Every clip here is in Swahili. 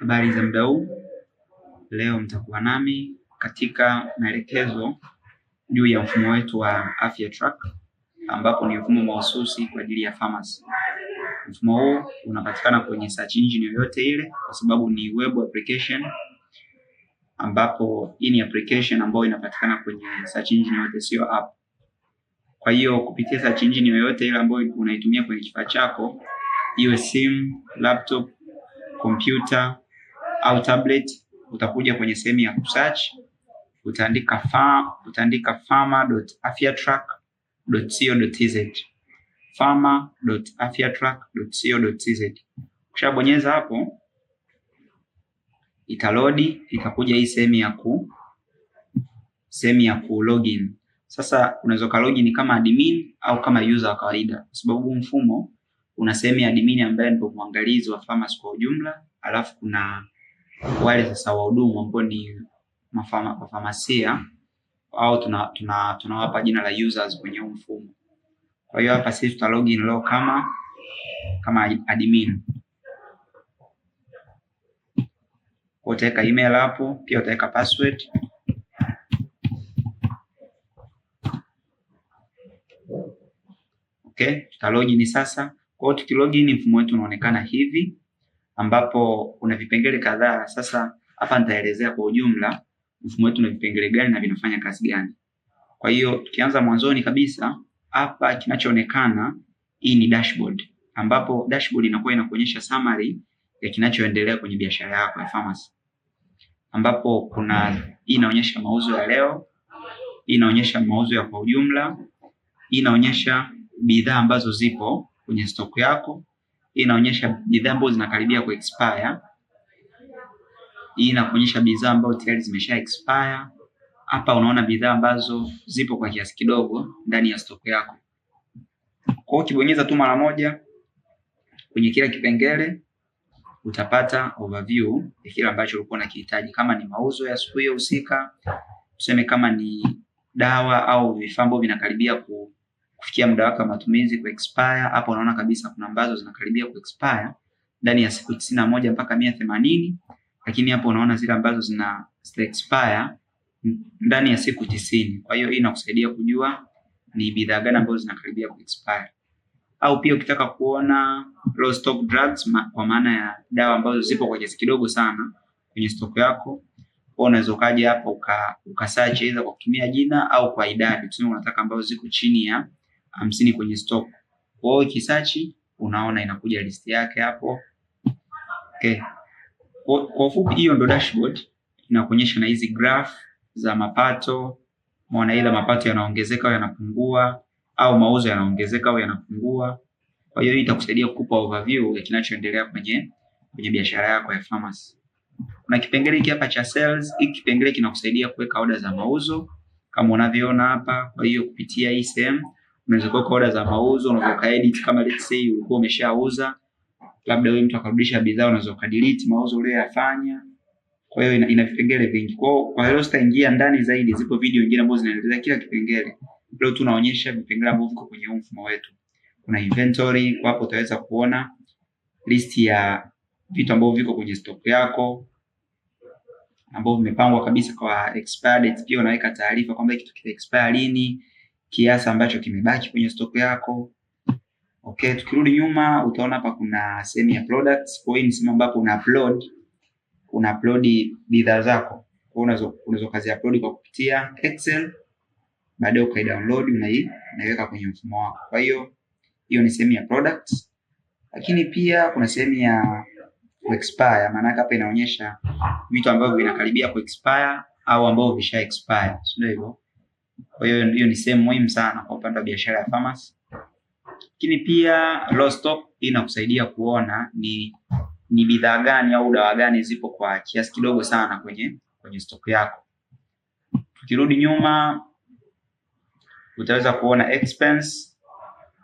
Habari za muda huu, leo mtakuwa nami katika maelekezo juu ya mfumo wetu wa afya Track, ambapo ni mfumo mahususi kwa ajili ya pharmacy. Mfumo huu unapatikana kwenye search engine yoyote ile, kwa sababu ni web application, ambapo hii ni application ambayo inapatikana kwenye search engine yoyote, sio app. Kwa hiyo kupitia search engine yoyote ile ambayo unaitumia kwenye kifaa chako, iwe simu, laptop, kompyuta au tablet, utakuja kwenye sehemu ya search, utaandika fa, utaandika farmer.afyatrack.co.tz farmer.afyatrack.co.tz. Ukishabonyeza hapo italodi, itakuja hii sehemu ya ku sehemu ya ku login. Sasa unaweza ka login kama admin au kama user wa kawaida, kwa sababu mfumo una sehemu ya admin ambaye ndio mwangalizi wa farmers kwa ujumla, alafu kuna wale sasa wahudumu ambao ni wafamasia au tunawapa tuna, tuna jina la users kwenye huu mfumo. Kwa hiyo hapa sisi tuta login leo kama kama admin. Utaweka email hapo, pia utaweka password. Okay, tuta login sasa. Kwa hiyo tukilogin mfumo wetu unaonekana hivi ambapo kuna vipengele kadhaa. Sasa hapa nitaelezea kwa ujumla mfumo wetu na vipengele gani na vinafanya kazi gani. Kwa hiyo tukianza mwanzoni kabisa, hapa kinachoonekana hii ni dashboard, ambapo dashboard inakuwa inakuonyesha summary ya kinachoendelea kwenye biashara yako ya pharmacy, ambapo kuna hii inaonyesha mauzo ya leo, hii inaonyesha mauzo ya kwa ujumla, hii inaonyesha bidhaa ambazo zipo kwenye stock yako inaonyesha bidhaa ambazo zinakaribia ku expire. Hii inakuonyesha bidhaa ambazo tayari zimesha expire. Hapa unaona bidhaa ambazo zipo kwa kiasi kidogo ndani ya stock yako. Kwa hiyo ukibonyeza tu mara moja kwenye kila kipengele utapata overview ya kile ambacho ulikuwa unakihitaji, kama ni mauzo ya siku hiyo husika, tuseme kama ni dawa au vifaa ambavyo vinakaribia ku kufikia muda wake wa matumizi ku expire. Hapo unaona kabisa kuna ambazo zinakaribia ku expire ndani ya siku tisini moja mpaka mia themanini lakini hapo unaona zile ambazo zina expire ndani ya siku tisini. Kwa hiyo hii inakusaidia kujua ni bidhaa gani ambazo zinakaribia ku expire Au pia ukitaka kuona low stock drugs ma, kwa maana ya dawa ambazo zipo kwa kiasi kidogo sana kwenye stock yako, unaweza ukaja hapa uka, uka search either kwa kutumia jina au kwa idadi, tuseme unataka ambazo ziko chini ya hamsini kwenye stock. Kwa hiyo ukisearch unaona inakuja list yake hapo. Okay. Kwa ufupi hiyo ndo dashboard inakuonyesha na hizi graph za mapato, Maana ila mapato yanaongezeka au yanapungua au mauzo yanaongezeka au yanapungua. Kwa hiyo hii itakusaidia kukupa overview ya kinachoendelea kwenye kwenye biashara yako ya pharmacy. Kuna kipengele hiki hapa cha sales. Hiki kipengele kinakusaidia kuweka oda za mauzo kama unavyoona hapa. Kwa hiyo kupitia hii sehemu unaweza kuweka oda za mauzo, unaweza ukaedit kama let's say ulikuwa umeshauza labda wewe mtu akarudisha bidhaa, unaweza ukadelete mauzo uliyoyafanya. Kwa hiyo ina, ina vipengele vingi. Kwa hiyo kwa hiyo sitaingia ndani zaidi, zipo video nyingine ambazo zinaelezea kila kipengele. Leo tunaonyesha vipengele ambavyo viko kwenye mfumo wetu. Kuna inventory, kwa hapo utaweza kuona list ya vitu ambavyo viko kwenye stock yako ambavyo vimepangwa kabisa kwa expired date. Pia unaweka taarifa kwamba kitu kita expire lini kiasi ambacho kimebaki kwenye stock yako. Okay, tukirudi nyuma utaona hapa kuna sehemu ya products. Kwa hiyo ni sehemu ambapo una upload una upload bidhaa zako. Kwa hiyo unazo kazi upload kwa kupitia Excel, baadaye ukai download hii unaiweka kwenye mfumo wako. Kwa hiyo hiyo ni sehemu ya products. Lakini pia kuna sehemu ya expire, maana hapa inaonyesha vitu ambavyo vinakaribia ku expire au ambavyo visha expire, sio hivyo? Kwa hiyo hiyo ni sehemu muhimu sana kwa upande wa biashara ya farmasi. Lakini pia low stock inakusaidia kuona ni ni bidhaa gani au dawa gani zipo kwa kiasi kidogo sana kwenye kwenye stock yako. Tukirudi nyuma utaweza kuona expense.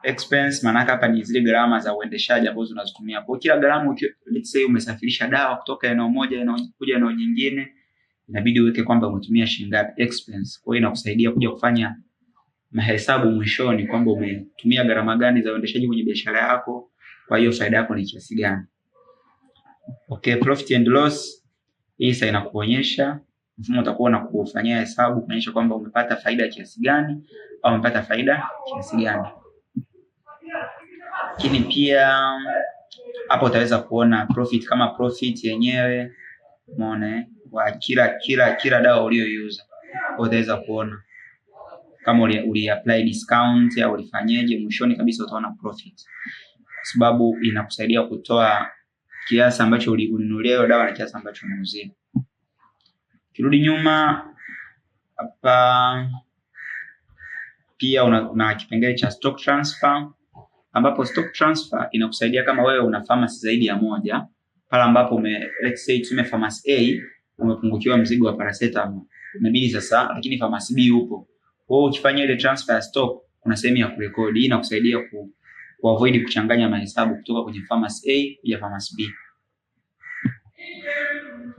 Expense maana hapa ni zile gharama za uendeshaji ambazo unazitumia. Kwa kila gharama let's say umesafirisha dawa kutoka eneo moja kuja eneo jingine inabidi uweke kwamba umetumia shilingi ngapi expense. Kwa hiyo inakusaidia kuja kufanya mahesabu mwishoni kwamba umetumia gharama gani za uendeshaji kwenye biashara yako, kwa hiyo faida yako ni kiasi gani. Okay, profit and loss hii sasa inakuonyesha mfumo utakuwa na kufanyia hesabu kuonyesha kwamba umepata faida kiasi gani au umepata faida kiasi gani. Lakini pia hapo utaweza kuona profit kama profit yenyewe, umeona eh? wa kila kila kila dawa uliyoiuza, kwa utaweza kuona kama uli, uli apply discount au ulifanyaje. Mwishoni kabisa utaona profit, sababu inakusaidia kutoa kiasi ambacho ulinunulia hiyo dawa na kiasi ambacho unauzia. Kirudi nyuma hapa pia una, una kipengele cha stock transfer ambapo stock transfer inakusaidia kama wewe una pharmacy zaidi ya moja pale ambapo ume let's say tume pharmacy A umepungukiwa mzigo wa paracetamol, inabidi sasa, lakini pharmacy B upo. Kwa hiyo ukifanya ile transfer stock, kuna sehemu ya kurekodi. Hii inakusaidia ku, ku avoid kuchanganya mahesabu kutoka kwenye pharmacy A kuja pharmacy B.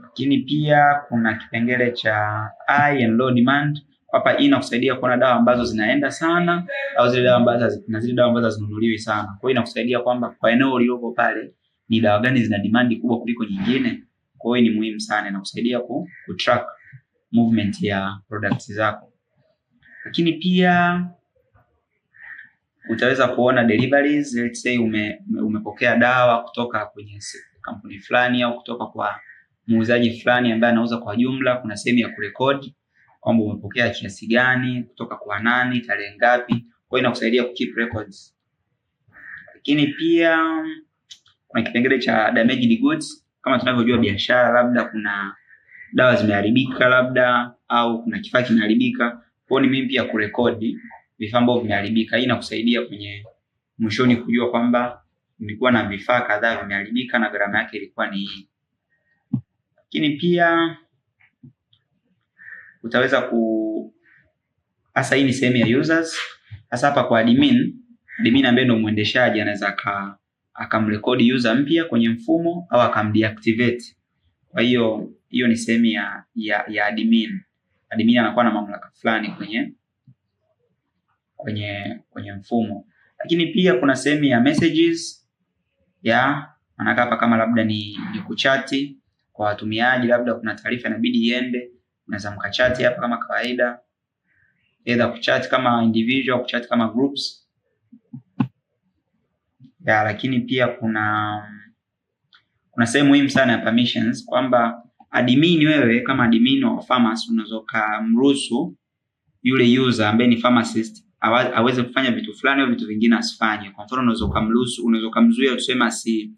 Lakini pia kuna kipengele cha high and low demand. Hapa hii inakusaidia kuona dawa ambazo zinaenda sana au zile dawa ambazo na zile dawa ambazo hazinunuliwi sana. Kwa hiyo inakusaidia kwamba kwa eneo uliopo pale ni dawa gani zina demand kubwa kuliko nyingine kwa hiyo ni muhimu sana, inakusaidia ku, ku track movement ya products zako, lakini pia utaweza kuona deliveries. Let's say ume, umepokea dawa kutoka kwenye kampuni fulani au kutoka kwa muuzaji fulani ambaye anauza kwa jumla. Kuna sehemu ya kurekodi kwamba umepokea kiasi gani kutoka kwa nani, tarehe ngapi. Kwa hiyo inakusaidia ku keep records, lakini pia kuna kipengele cha damaged goods kama tunavyojua biashara, labda kuna dawa zimeharibika labda au kuna kifaa kimeharibika, kwao ni mimi pia kurekodi vifaa ambavyo vimeharibika. Hii inakusaidia kwenye mwishoni kujua kwamba nilikuwa na vifaa kadhaa vimeharibika na gharama yake ilikuwa ni hii. Lakini pia utaweza ku hasa, hii ni sehemu ya users hasa hapa kwa admin, admin ambaye ndio mwendeshaji anaweza ka akamrekodi user mpya kwenye mfumo au akamdeactivate. Kwa hiyo hiyo ni sehemu ya, ya, ya admin. Admin anakuwa na mamlaka fulani kwenye kwenye kwenye mfumo, lakini pia kuna sehemu ya messages ya manaka hapa, kama labda ni, ni kuchati kwa watumiaji, labda kuna taarifa inabidi iende, unaweza mkachati hapa kama kawaida, either kuchati kama individual, kuchati kama groups ya, lakini pia kuna kuna sehemu muhimu sana ya permissions kwamba admin, wewe kama admin wa pharmacy unaweza kumruhusu yule user ambaye ni pharmacist aweze kufanya vitu fulani au vitu vingine asifanye. Kwa mfano, unaweza kumruhusu, unaweza kumzuia tuseme, asi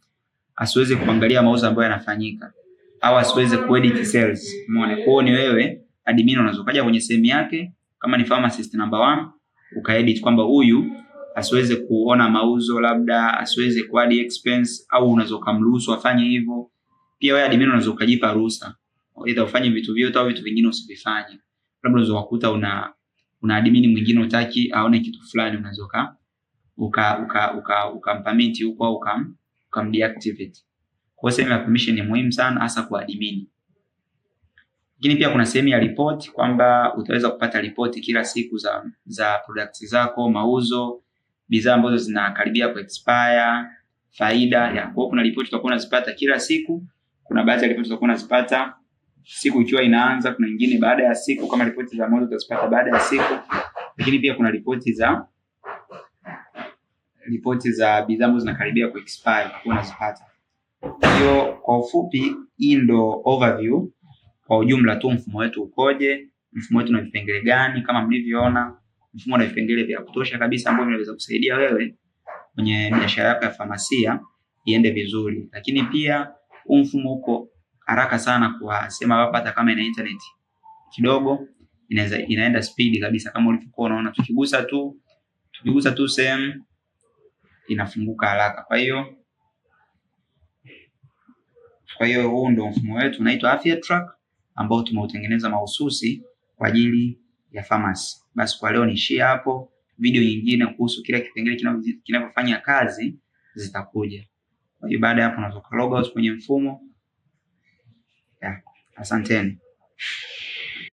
asiweze kuangalia mauzo ambayo yanafanyika au asiweze kuedit sales. Umeona? Kwa ni wewe admin unaweza kaja kwenye sehemu yake kama ni pharmacist number 1 ukaedit kwamba huyu asiweze kuona mauzo labda asiweze kuadi expense au unaweza kumruhusu afanye hivyo. Pia wewe admin unaweza kujipa ruhusa, either ufanye vitu vyote au vitu vingine usivifanye. Labda unaweza kukuta una una admin mwingine utaki aone kitu fulani, unaweza uka uka uka uka, permit huko au ukam ukam deactivate. Kwa hiyo sehemu ya permission ni muhimu sana, hasa kwa admin. Lakini pia kuna sehemu ya report kwamba utaweza kupata ripoti kila siku za za products zako, mauzo bidhaa ambazo zinakaribia ku expire faida ya kwa. Kuna ripoti tutakuwa tunazipata kila siku, kuna baadhi ya ripoti tutakuwa tunazipata siku ikiwa inaanza, kuna nyingine baada ya siku, kama ripoti za mwanzo tutazipata baada ya siku, lakini pia kuna ripoti za ripoti za bidhaa ambazo zinakaribia ku expire tutakuwa tunazipata Hiyo kwa ufupi, hii ndo overview kwa ujumla tu mfumo wetu ukoje, mfumo wetu na vipengele gani, kama mlivyoona mfumo na vipengele vya kutosha kabisa ambavyo vinaweza kusaidia wewe kwenye biashara yako ya famasia iende vizuri. Lakini pia huu mfumo uko haraka sana kwa sema hapa, hata kama ina internet kidogo inaweza inaenda spidi kabisa, kama ulivyokuwa unaona, tukigusa tu tukigusa tu sehemu inafunguka haraka. Kwa hiyo kwa hiyo huu ndio mfumo wetu unaitwa Afya Track ambao tumeutengeneza mahususi kwa ajili ya pharmacy. Basi kwa leo niishie hapo. Video nyingine kuhusu kila kipengele kinavyofanya kazi zitakuja. Kwa hiyo baada ya hapo unaweza log out kwenye mfumo. asanteni.